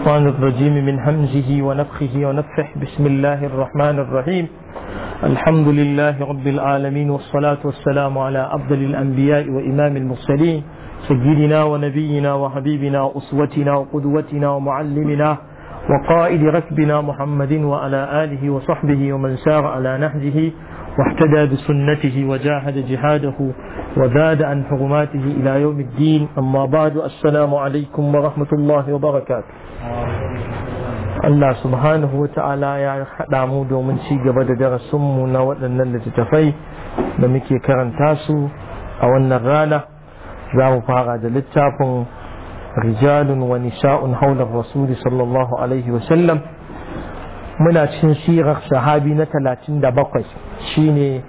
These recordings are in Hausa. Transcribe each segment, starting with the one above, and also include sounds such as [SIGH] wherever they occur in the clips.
الشيطان الرجيم من همزه ونفخه ونفخه بسم الله الرحمن الرحيم الحمد لله رب العالمين والصلاة والسلام على أفضل الأنبياء وإمام المرسلين سيدنا ونبينا وحبيبنا وأسوتنا وقدوتنا ومعلمنا وقائد ركبنا محمد وعلى آله وصحبه ومن سار على نهجه واحتدى بسنته وجاهد جهاده وزاد عن حرماته إلى يوم الدين أما بعد السلام عليكم ورحمة الله وبركاته Allah subhanahu wa ta'ala ya haɗa mu domin ci gaba da darasinmu na waɗannan littattafai da muke karanta su a wannan rana za mu fara da littafin rijalun wa nisa'un haular rasuli sallallahu alaihi wa sallam muna cikin sirar sahabi na talatin da bakwai shine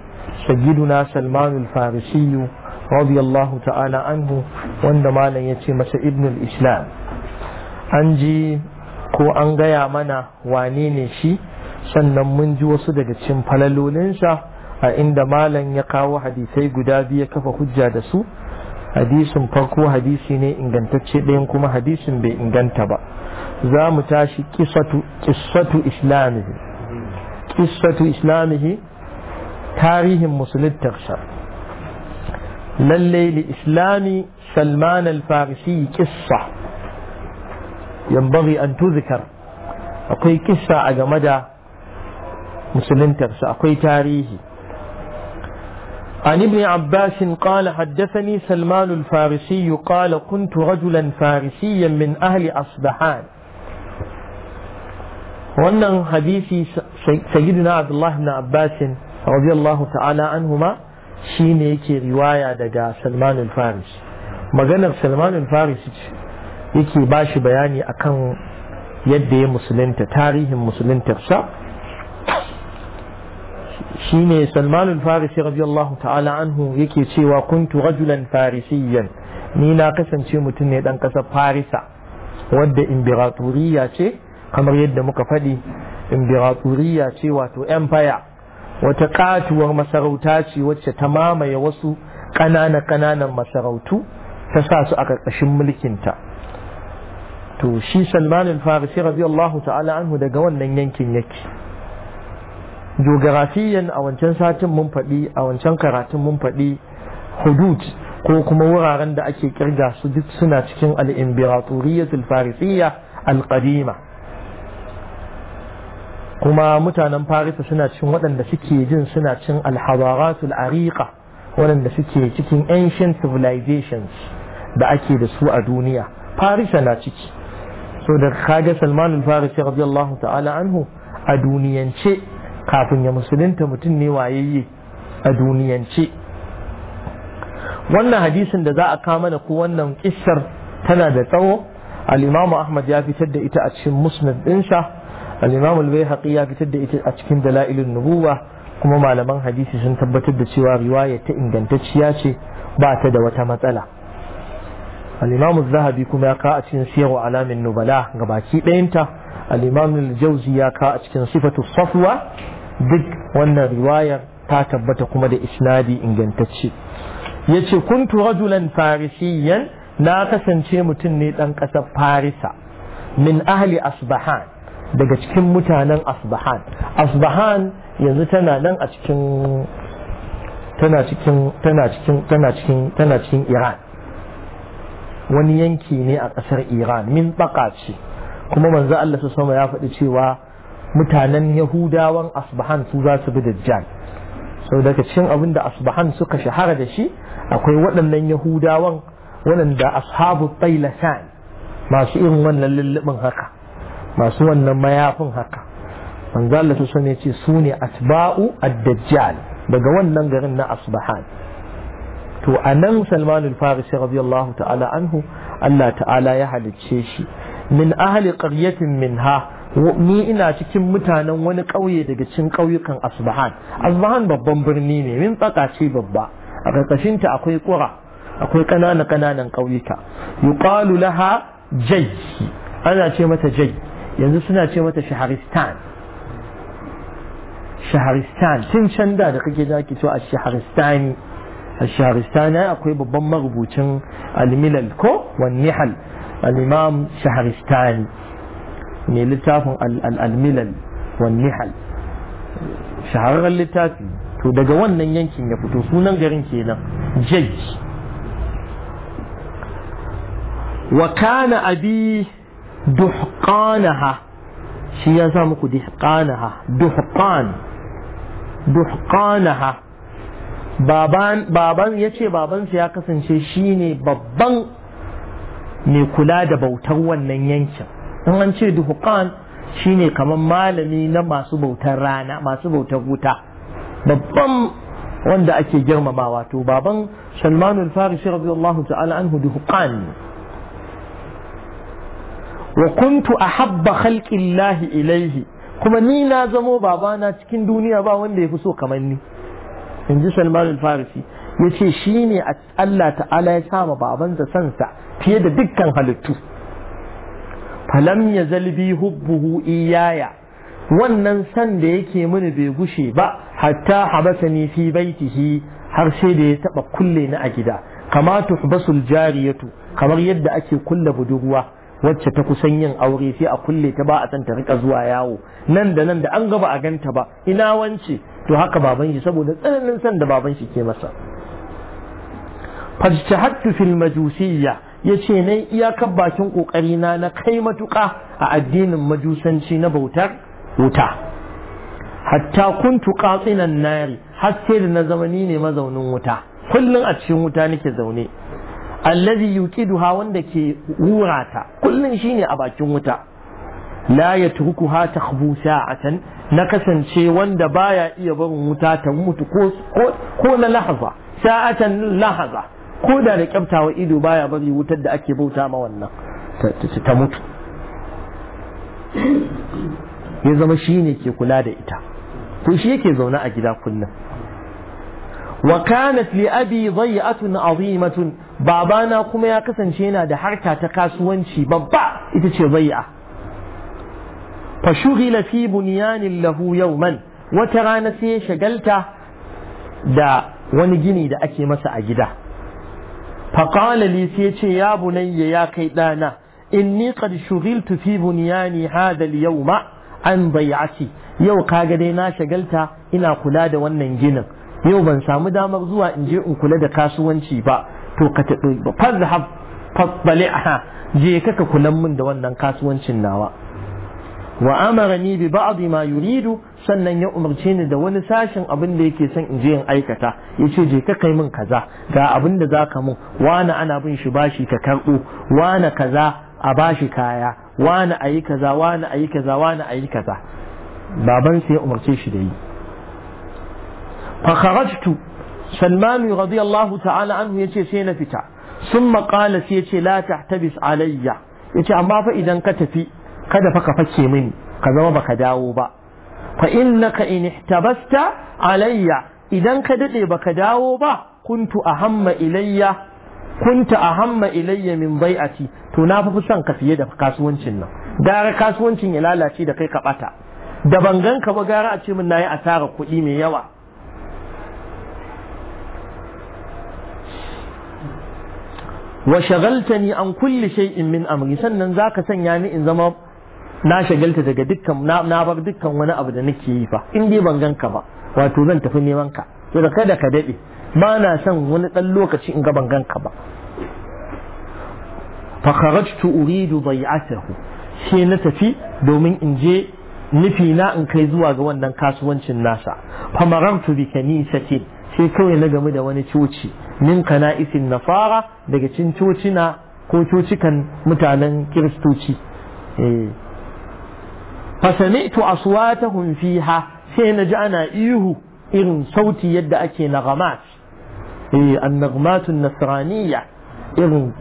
sayyiduna salman al farisiyyu radiyallahu ta'ala anhu wanda malam yace masa ibn al-islam an ji ko an gaya mana wane ne shi sannan mun ji wasu daga cikin falalolinsa a inda malam ya kawo hadisai guda biyu kafa hujja da su hadisin farko hadisi ne ingantacce ɗayan kuma hadisin bai inganta ba za mu tashi kisatu islamihi kisatu islamihi tarihin musuluntar sa lalle li islami salman al-farisi kissa yambari an tuzikar akwai kissa a game da musuluntarsa akwai tarihi عن ابن عباس قال حدثني سلمان الفارسي قال كنت رجلا فارسيا من أهل أصبحان وأن حديث سيدنا عبد الله بن عباس radiyallahu ta'ala anhuma shine yake riwaya daga Salman faris maganar Salman faris yake bashi bayani akan yadda ya musulunta tarihin musuluntarsa shine Salman al-Farisi ta'ala anhu yake cewa kuntu rajulan farisiyan ni na kasance mutum ne ɗan kasar Farisa wadda imbiratoriya ce kamar yadda muka faɗi imbiratoriya ce wato empire wata katuwar masarauta ce wacce ta mamaye wasu ƙanana-ƙananan masarautu ta sa su a ƙarƙashin mulkinta to shi salman al-farisi radiyallahu ta'ala anhu daga wannan yankin yake geografiyan a wancan satin mun faɗi a wancan karatun mun faɗi hudud ko kuma wuraren da ake ƙirga su duk suna cikin al-imbiratoriyatul farisiyya al-qadima kuma mutanen farisa suna cin waɗanda suke jin suna cin alhazaratul Arika, waɗanda suke cikin ancient civilizations da ake da su a duniya farisa na ciki so da kaga salman farisi radiyallahu ta'ala anhu a duniyance kafin ya musulunta mutum ne wayayye a duniyance wannan hadisin da za a kama da ku wannan kissar tana da tsawo al-imamu ahmad ya fitar da ita a cikin musnad ɗinsa al-imam al ya fitar da ita a cikin dalailun nubuwa kuma malaman hadisi sun tabbatar da cewa riwaya ta ingantacciya ce ba ta da wata matsala al zahabi kuma ya ka a cikin siyar alamin nubala gabaki ɗayanta al-imam al-jawzi ya ka a cikin sifatu safwa duk wannan riwayar ta tabbata kuma da isnadi ingantacce yace kuntu rajulan farisiyan na kasance mutum ne dan ƙasar farisa min ahli asbahan daga cikin mutanen asbahan asbahan yanzu tana nan a cikin tana cikin tana cikin tana cikin tana cikin iran wani yanki ne a ƙasar iran min baka ce kuma manzo Allah su sama ya faɗi cewa mutanen yahudawan asbahan su za su bi dajjal sau daga cikin abin da asbahan suka shahara da shi akwai waɗannan yahudawan waɗanda ashabu tsailatan masu irin wannan lullubin haka masu wannan mayafin haka manzo Allah ta sani ce su ne asba'u ad-dajjal daga wannan garin na asbahan to anan Salman al-Farisi radiyallahu ta'ala anhu Allah ta'ala ya halicce shi min ahli qaryatin minha ni ina cikin mutanen wani ƙauye daga cikin ƙauyukan asbahan asbahan babban birni ne min tsaka ce babba a ta akwai ƙura akwai ƙananan ƙananan ƙauyuka yuqalu laha jayy ana ce mata jayy yanzu suna ce mata shaharistan shaharistan tun can da da kake za ki a shaharistani a shaharistani akwai babban marubucin almilal ko wannihal al'imam shaharistani mai littafin al'almilal wannihal shahararren littafi to daga wannan yankin ya fito sunan garin kenan jaj wa kana abi duhqanaha shi ya sa muku duhqanaha duhqan duhqanaha baban baban yace babansa ya kasance shine babban mai kula da bautar wannan yankin in an ce duhqan shine kamar malami na masu bautar rana masu bautar wuta babban wanda ake girmamawa to baban Salmanul Farisi radiyallahu ta'ala anhu duhqan wa kuntu halƙin lahi ilaihi kuma ni na zamo babana cikin duniya ba wanda ya fi so kamar ni in ji salman al-farisi ya ce shi ne Allah ta'ala ya sama babansa sansa fiye da dukkan halittu falam ya zalbi hubbuhu iyaya wannan san da yake mini bai gushe ba hatta habasa ne fi baitihi har sai da ya taba kulle ni a gida kama basul jariyatu kamar yadda ake kulle budurwa wacce ta kusan yin aure sai a kulle ta ba a san ta rika zuwa yawo nan da nan da an gaba a ganta ba ina wance to haka baban shi saboda tsananin san da baban shi ke masa fajtahattu fil majusiyya yace ne iyakar bakin kokari na na kai matuka a addinin majusanci na bautar wuta hatta kuntu qatinan nari har sai da na zamani ne mazaunin wuta kullun a cikin wuta nake zaune allazi yuqiduha wanda ke wurata kullum kullun shine a bakin wuta la yatrukuha takhbu sa'atan na kasance wanda baya iya barin wuta ta mutu ko ko na lahaza sa'atan lahaza ko da da kyaftawa ido baya bari wutar da ake bauta ma wannan ta mutu ya zama shine ke kula da ita to shi yake zaune a gida kullum وكانت لأبي ضيعة azimatun babana kuma ya kasance yana da harka ta kasuwanci babba ita ce bai'a fa shughila fi bunyanin lahu yawman wata rana sai ya shagalta da wani gini da ake masa a gida fa qala li sai ce ya bunayya ya kai dana inni qad shughiltu fi bunyani hadha al-yawma an bai'ati yau kaga dai na shagalta ina kula da wannan ginin yau ban samu damar zuwa in je in kula da kasuwanci ba to ka ta a ha, je ka kunan min da wannan kasuwancin nawa wa ni bi ba'd ma yuridu sannan ya umarce ni da wani sashin abin da yake son in je in aikata yace je ka kai min kaza ga abin da zaka mun wani ana bin shi bashi ka karbo wani kaza a bashi kaya wani ayi kaza wani ayi kaza wani ayi kaza baban sai ya umarce shi da yi fa kharajtu salmanu radiyallahu ta'ala anhu yace sai na fita sun maƙala sai yace la tahtabis alayya yace amma fa idan ka tafi kada fa ka fake mini ka zama baka dawo ba fa innaka in ihtabasta alayya idan ka dade baka dawo ba kuntu ahamma ilayya kunta ahamma ilayya min bai bai'ati to na fi son ka fiye da kasuwancin nan gara kasuwancin ya lalace da kai ka ɓata. da ban ganka ba gara a ce min yi asara kuɗi mai yawa wa shagaltani an kulli shay'in min amri sannan zaka sanya ni in zama na shagalta daga dukkan na bar dukkan wani abu da nake yi fa in dai ban ganka ba wato zan tafi neman ka to da kada ka dade ba na son wani dan lokaci in ga ban ganka ba fa kharajtu uridu bai'atahu sai na tafi domin in je nufi na in kai zuwa ga wannan kasuwancin nasa fa marartu bi kanisati sai kawai na gamu da wani coci min kana'isin nasara daga cin cocina ko cocikan mutanen kiristoci eh. fasami'tu aswatahum fiha sai na ji ana ihu irin sauti yadda ake nagamat eh annagmatun nasraniyya irin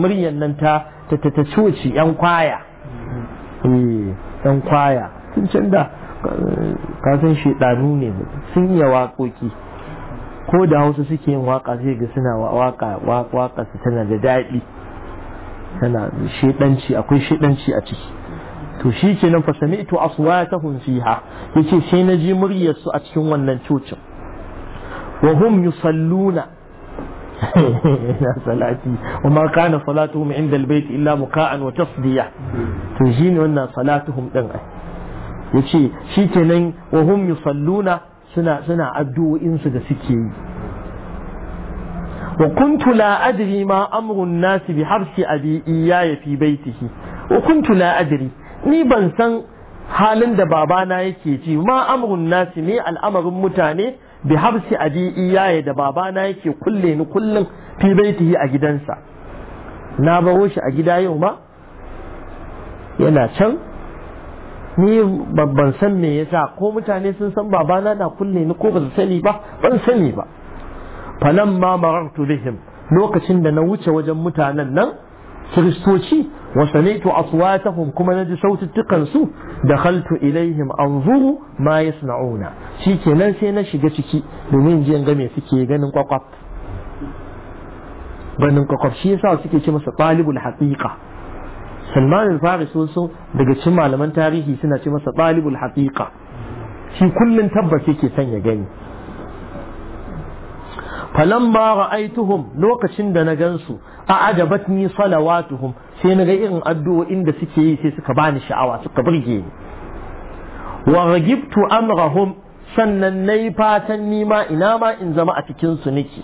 muryan nan ta ta ta coci yan kwaya eh yan kwaya sun canza kasan shedanu ne sun iya waƙoƙi ko da hausa suke yin waka sai ga suna waka waka su tana da daɗi tana shedanci akwai shedanci a ciki to shi ke nan fasami to aswatahum fiha yace sai na ji muryar su a cikin wannan cocin wa hum yusalluna [LAUGHS] Ina salati wa ma kana salatuhum inda albayt illa muka'an wa tasdiya to shi ne wannan salatuhum din ai yace nan wa hum yusalluna suna suna addu'o'insu da suke yi wa kuntu la adri ma amrun nasi bi harfi abi ya fi baitihi wa kuntu la adri ni ban san halin da babana yake ji ma amrun nasi ne al'amarin mutane bi habsi abi ya da babana yake kulle ni kullum fi baitihi a gidansa na baro shi a gida yau ma yana can ni babban san me yasa ko mutane sun san babana na kulle ni ko ba su sani ba ban sani ba falan ma marartu bihim lokacin da na wuce wajen mutanen nan kiristoci wa sami'tu aswatahum kuma naji saututtukan su dakhaltu ilaihim anzuru ma yasna'una shikenan sai na shiga ciki domin jin ga me suke ganin kwakwaf ganin kwakwaf shi yasa suke ce masa talibul haqiqa salman al-faris so daga cikin malaman tarihi suna ce masa ɗalibul haƙiƙa shi kullum tabbas yake son ya gani falamma ra'aituhum lokacin da na gansu a ajabatni salawatuhum sai na ga irin addu'o'in da suke yi sai suka bani sha'awa suka burge ni wa ragibtu amrahum sannan nayi fatan nima ina ma in zama a cikin su nake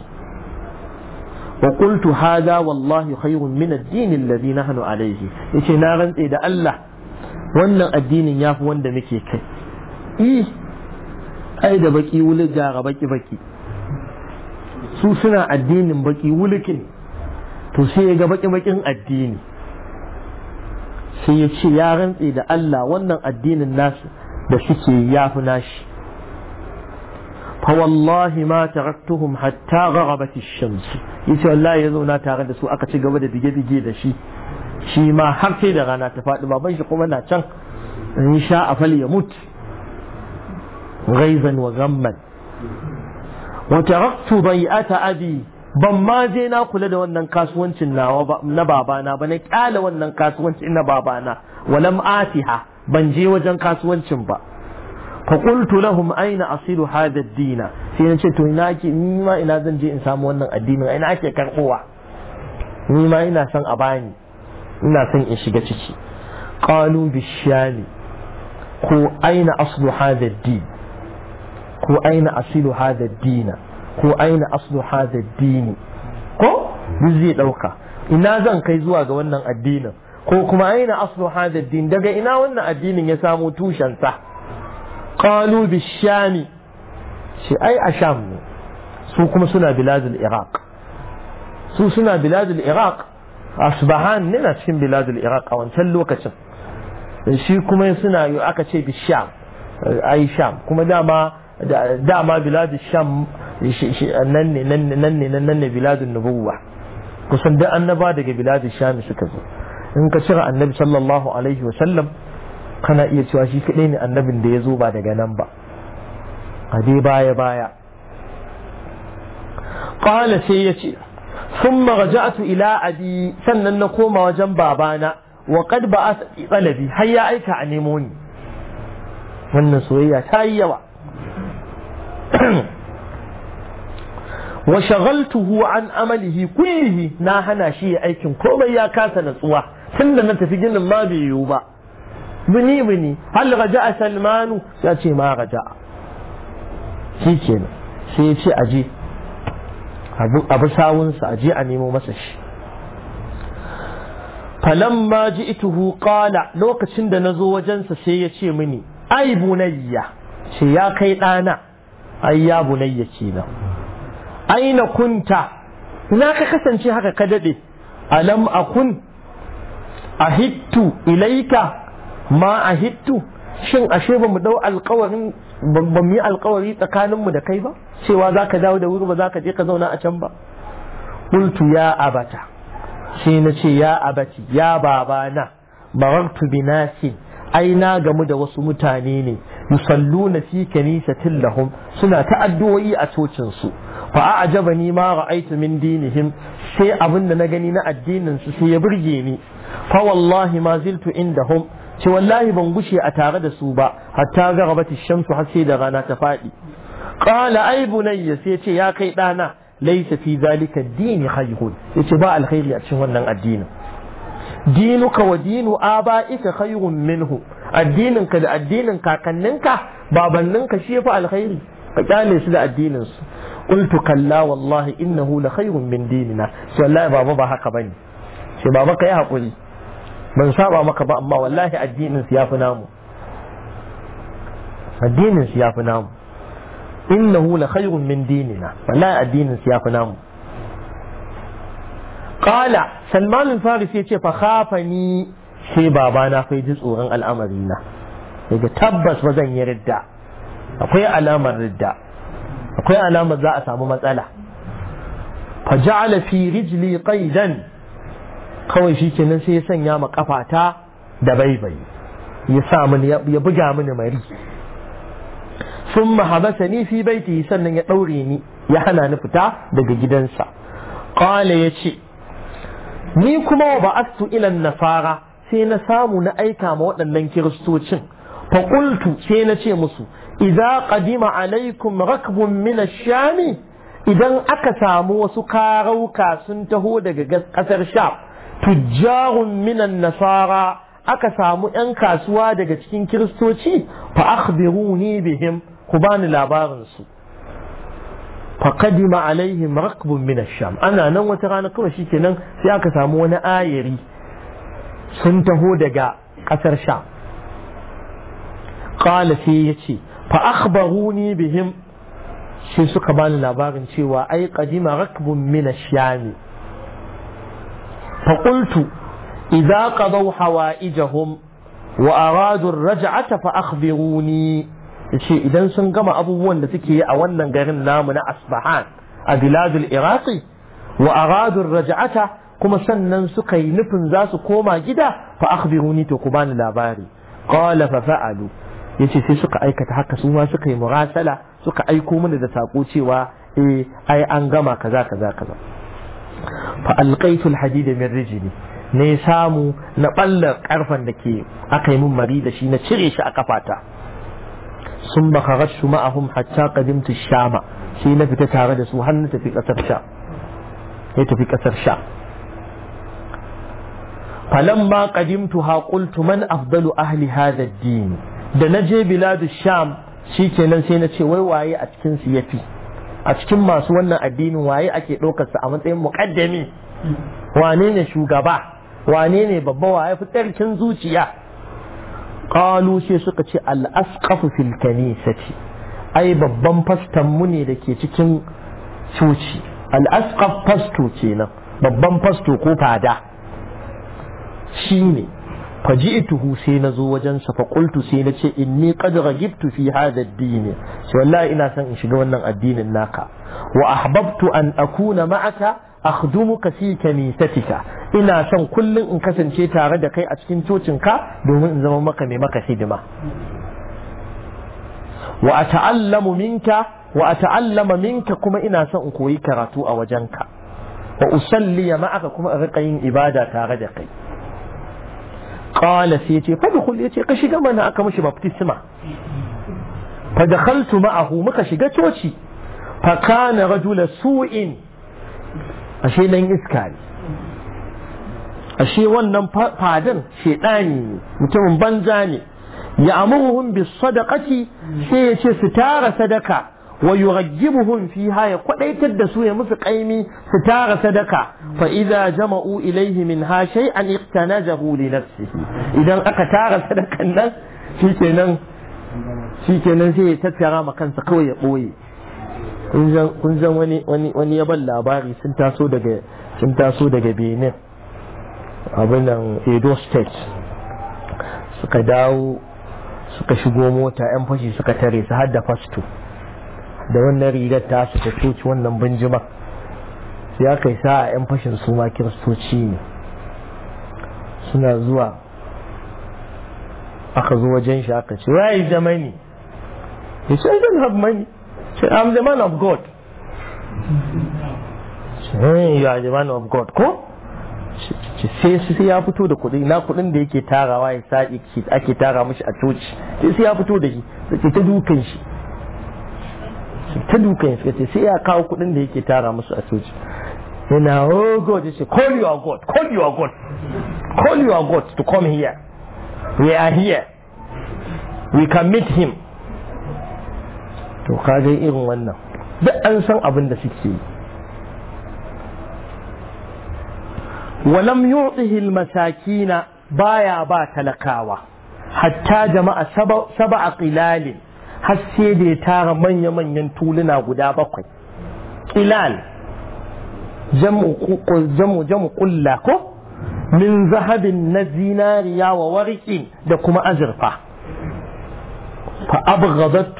وقلت هذا والله خير من الدين الذي نحن عليه yace na rantse da Allah wannan addinin yafi wanda muke kai eh ai da baki wuli gara baki baki su suna addinin baki wulikin to sai ya ga baki bakin addini sai ya ce ya rantse da Allah wannan addinin nasu da suke yafi nashi فوالله ما تركتهم حتى غربت الشمس yace wallahi yazo na tare da su aka ci gaba da bige-bige da shi shi ma har sai da rana ta faɗi baban shi kuma na can in sha a fal ya mutu. ghaizan wa gamman wa taraktu bai'ata abi ban ma je na kula da wannan kasuwancin na babana ba na kyala wannan kasuwancin na babana walam atiha ban je wajen kasuwancin ba fa qultu lahum aina asilu hadha ad-din sai nace to ina ke ni ma ina zan je in samu wannan addinin ina ake karkowa ni ma ina son a bani ina son in shiga ciki qalu bishami ko aina aslu hadha ad-din ko aina asilu hadha ad-din ko aina aslu hadha ad-din ko duk zai dauka ina zan kai zuwa ga wannan addinin ko kuma aina aslu hadha ad-din daga ina wannan addinin ya samo tushensa qalu bishami shi ai a sham ne su kuma suna biladul Irak. su suna biladul Irak. asbahan ne na cikin biladul Irak a wancan lokacin shi kuma suna yi aka ce bisham ai kuma dama dama biladul sham nan ne nan ne nan ne nan ne daga biladul sham suka zo in ka cire annabi sallallahu alaihi wa sallam kana iya cewa shi kaɗai ne annabin da ya zo ba daga nan ba a dai baya baya Ƙwale sai ya ce sun maraja'atu ila abi sannan na koma wajen babana wa qad ba tsalabi har ya aika a nemo ni wannan soyayya ta yi yawa [CLEARS THROAT] wa shagaltuhu an amalihi kullihi na hana shi aikin komai ya kasa natsuwa tunda na tafi ginin ma bai yiwu ba bini bini hal raja'a salmanu ya ce ma raja'a shi sai ya ce aje abu sawunsa aje a nemo masa shi ji ji'tuhu qala lokacin da nazo wajensa sai ya ce mini ai bunayya ce ya kai ɗana ai ya bunayya kenan aina kunta ina ka kasance haka ka dade alam akun ahittu ilaika ma a hittu shin ashe ba mu dau alkawarin ba mu yi alkawari tsakaninmu da kai ba cewa za ka dawo da wuri ba za ka je ka zauna a can ba qultu ya abata shi na ce ya abati ya babana barartu bi nasin ai na gamu da wasu mutane ne yusalluna fi kanisatin lahum suna ta addu'o'i a cocin su fa a'jabani ma ra'aytu min dinihim sai abin da na gani na addinin su sai ya burge ni fa wallahi ma ziltu indahum ce wallahi ban gushe a tare da su ba hatta garabati shamsu har sai da rana ta faɗi qala ay bunayya sai ce ya kai dana laysa fi zalika dini khayrun yace ba alkhairi a cikin wannan addinin dinuka wa dinu aba'ika khayrun minhu addininka da addinin kakanninka babanninka shi yafi alkhairi ka kyale su da addinin su qultu kalla wallahi innahu la khayrun min dinina sai wallahi baba ba haka bane sai baba kai hakuri ban saba maka ba amma wallahi addinin su yafi namu addinin su yafi namu innahu la khayrun min dinina wallahi addinin su yafi namu qala salman al-farisi yace fa khafani sai babana fa ji tsoron al'amari na daga tabbas ba zan yi ridda akwai alamar ridda akwai alamar za a samu matsala fa ja'ala fi rijli qaidan kawai shi kenan sai ya sanya ma kafata da baibai ya sa mini ya buga mini mari sun mahabasa ni fi baiti sannan ya ɗaure ni ya hana ni fita daga gidansa ƙwale ya ce ni kuma wa ba'astu ilan nasara sai na samu na aika ma waɗannan kiristocin faƙultu sai na ce musu idza qadima alaikum rakbun mina ash-shami idan aka samu wasu karauka sun taho daga ƙasar sham tujjarun minan nasara aka samu 'yan kasuwa daga cikin kiristoci fa ni bihim ku bani labarin su fa kadima alaihim raqbun min ash-sham ana nan wata rana kuma shikenan sai aka samu wani ayiri sun taho daga kasar sha. qala sai yace fa ni bihim sai suka bani labarin cewa ai kadima rakbun min ash-sham فقلت إذا قضوا حوائجهم وأرادوا الرجعة فأخبروني shi idan sun gama abubuwan da suke yi a wannan garin namu na asbahan a biladul iraqi wa raja'ata, kuma sannan suka yi nufin za su koma gida fa akhbiruni to ku bani labari qala fa fa'alu yace sai suka aikata haka su ma suka yi murasala suka aiko mana da saƙo cewa eh ai an gama kaza kaza kaza fa alqaitu alhadid min rijli ne samu na balla karfan da ke aka yi mun mari da shi na cire shi a kafata sun ba kharashu ma'ahum hatta qadimtu shama sai na fita tare da su har na tafi kasar sha ya tafi kasar sha falamma qadimtuha qultu man afdalu ahli hadha ad-din da naje biladu sham shikenan sai na ce wai waye a cikin su yafi a cikin masu wannan addinin waye ake ɗaukarsa a matsayin muƙaddami wane ne shugaba wane ne babba waye fitarkin tsarkin zuciya ƙalu sai suka ce al'asƙafu fil kanisati ai babban fastan mu ne da ke cikin coci al'asƙaf fasto kenan babban fasto ko fada shine. faji'tuhu sai na zo wajen sa fa qultu sai na ce inni qad raghibtu fi hadha ad-din sai wallahi ina son in shiga wannan addinin naka wa ahbabtu an akuna ma'aka akhdumuka fi kanisatika ina son kullum in kasance tare da kai a cikin cocin ka domin in zama maka mai maka hidima wa ata'allamu minka wa ata'allama minka kuma ina son in koyi karatu a wajenka wa usalli ma'aka kuma in rika yin ibada tare da kai قال سيتي فدخل يتي قشي قمنا أكمش بابتسمة فدخلت معه ما مكشي قتوشي فكان رجل سوء أشي لين إسكال أشي وان نم فادن شيطاني متمن بنزاني يأمرهم بالصدقة سيتي ستار صدقة wa yurajjibuhum fiha ya kwadaitar da su ya musu kaimi su tara sadaka fa idza jama'u ilaihi min ha shay'an iqtanajahu li nafsihi idan aka tara sadakan nan shikenan shikenan sai ya tattara ma kansa kawai ya boye kun zan wani wani wani ya ban labari sun taso daga sun taso daga Benin abin nan Edo State suka dawo suka shigo mota yan fashi suka tare su har da fasto da wannan rigar ta su ta coci wannan binjima sai aka yi sa'a 'yan fashin su ma kiristoci ne suna zuwa aka zo wajen shi aka ce where is the money he said I don't have money so I'm the man of God hey, you are the man of God ko sai sai ya fito da kuɗi na kuɗin da yake tarawa ya sa ake tara mashi a coci sai ya fito da shi ta dukan shi ta dukan suka ce sai ya kawo kuɗin da yake tara musu a coci yana oh god yace call your god call your god call your god to come here we are here we can meet him to kaga irin wannan duk an san abin da suke yi ولم يعطه المساكين بايا با تلقاوة حتى جمع سبع, سبع قلال har sai da ya tara manya-manyan tuluna guda bakwai Ƙilal, jamu ƙulla ko min zahabin na zinariya wa wariki da kuma azurfa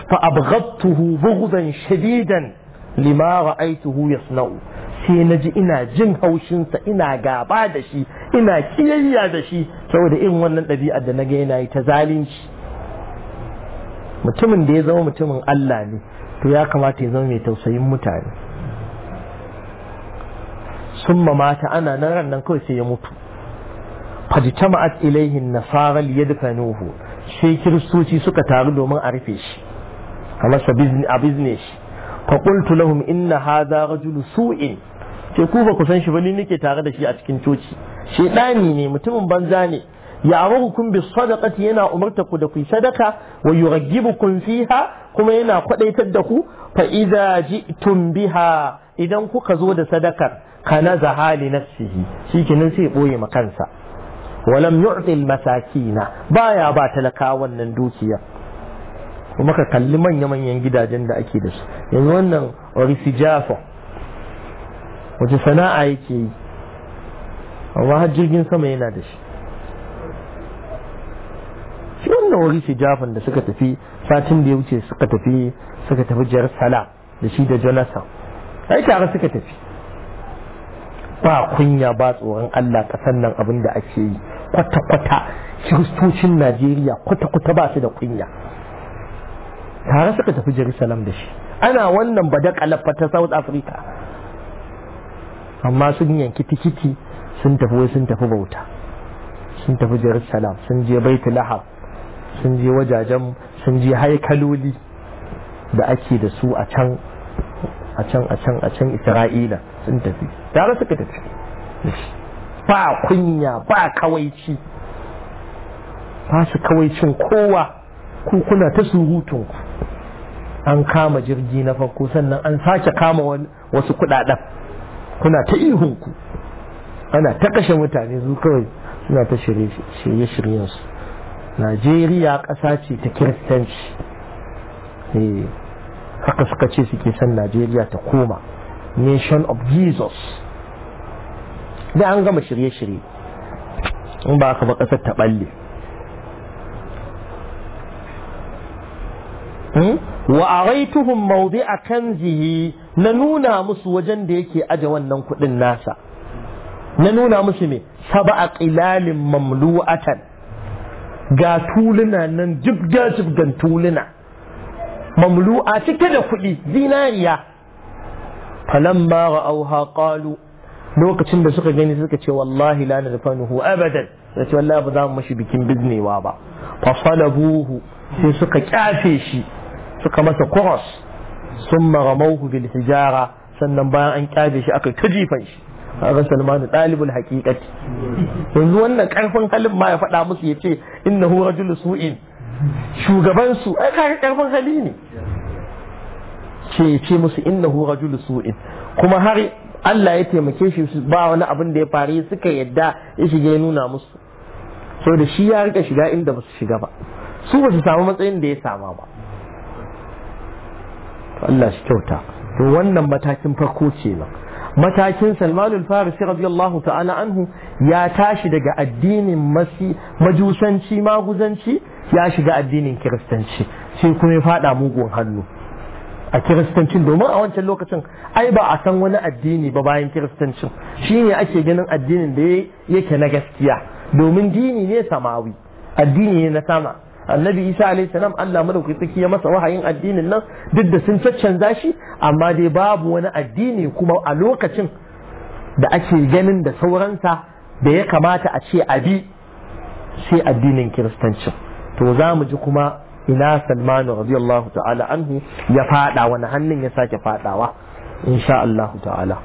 fa'abghattuhu bughdan shadidan lima ya yasna'u sai na ji ina jin haushinsa ina gaba da shi ina kiyayya da shi saboda irin wannan ɗabi'ar da na ga yana yi ta zalunci mutumin da ya zama mutumin Allah ne to ya kamata ya zama mai tausayin mutane sun mata ana nan ran nan kawai sai ya mutu fajtama'at ilaihi an-nasara liyadfanuhu sai kiristoci suka taru domin a rufe shi a masa a bizne shi fa qultu lahum inna hadha rajulu su'in ke ku ba ku san shi ba nake tare da shi a cikin coci shedani ne mutumin banza ne ya'murukum bis sadaqati yana umarta ku da kuyi sadaka wa yuraggibukum fiha kuma yana kwadaitar da ku fa idza ji'tum biha idan kuka zo da sadakar kana zahali nafsihi shikenan sai boye ma kansa walam yu'ti al masakina baya ba talaka wannan dukiya kuma ka kalli manya manyan gidajen da ake da su yanzu wannan orisi jafa wace sana'a yake yi amma har jirgin sama yana da shi wuri ce jafan da suka tafi satin da ya wuce suka tafi suka tafi jerusalem da shi da jonathan ai tare suka tafi ba kunya ba tsoron allah kasan nan abin da ake yi kwata-kwata kiristocin najeriya kwata-kwata ba su da kunya tare suka tafi jerusalem da shi ana wannan badakalafa ta south africa amma sun yanki tikiti sun tafi wai sun tafi bauta sun tafi jerusalem sun je baitu lahab sun je wajajen sun je haikaloli da ake da su a can a can a can a can isra'ila sun tafi tare suka tafi ba kunya ba kawaici ba su kawaicin kowa ku kuna ta surutunku an kama jirgi na farko sannan an sake kama wasu kudaden kuna ta ihunku ana ta kashe mutane su kawai suna ta shirye-shiryensu najeriya ƙasa ce ta kiristanci eh, haka suka ce suke son najeriya ta koma nation of jesus da an gama shirye-shirye in ba ka ba ƙasar ta balle hmm? wa a kan zihi na nuna musu wajen da yake aje wannan kudin nasa na nuna musu me sab'a a qilalin mamlu'atan ga tuluna nan jibga jibgan tuluna mamlu'a cike da kuɗi zinariya falamma ra'auha qalu lokacin da suka gani suka ce wallahi la nadfanuhu abadan sai ce wallahi ba za mu mashi bikin biznewa ba fasalabuhu sai suka kyafe shi suka masa kuras sun maramauhu bil hijara sannan bayan an kyafe shi aka ta jifan shi kaga salmanu dalibul haqiqati yanzu wannan karfin halin ma ya faɗa musu ya ce yace innahu rajulu su'in shugabansu ai kaga karfin hali ne ce ce musu hura rajulu su'in kuma har Allah ya taimake shi ba wani abin da ya faru suka yadda ya shiga ya nuna musu sau da shi ya rika shiga inda ba su shiga ba su ba su samu matsayin da ya sama ba to Allah shi kyauta to wannan matakin farko ce nan matakin salmanul farisi radiyallahu ta'ala anhu ya tashi daga addinin masi majusanci maguzanci ya shiga addinin kiristanci sai kuma ya fada mugun hannu a kiristancin domin a wancan lokacin ai ba a san wani addini ba bayan kiristancin shi ne ake ganin addinin da yake na gaskiya domin dini ne samawi addini ne na sama annabi isa alayhi salam Allah madaukaki ya masa wahayin addinin nan duk da sun caccanza shi amma dai babu wani addini kuma a lokacin da ake ganin da sauransa da ya kamata a ce abi sai addinin kiristanci to za mu ji kuma ina salmanu radiyallahu ta'ala anhu ya fada wani hannun ya sake fadawa insha Allah ta'ala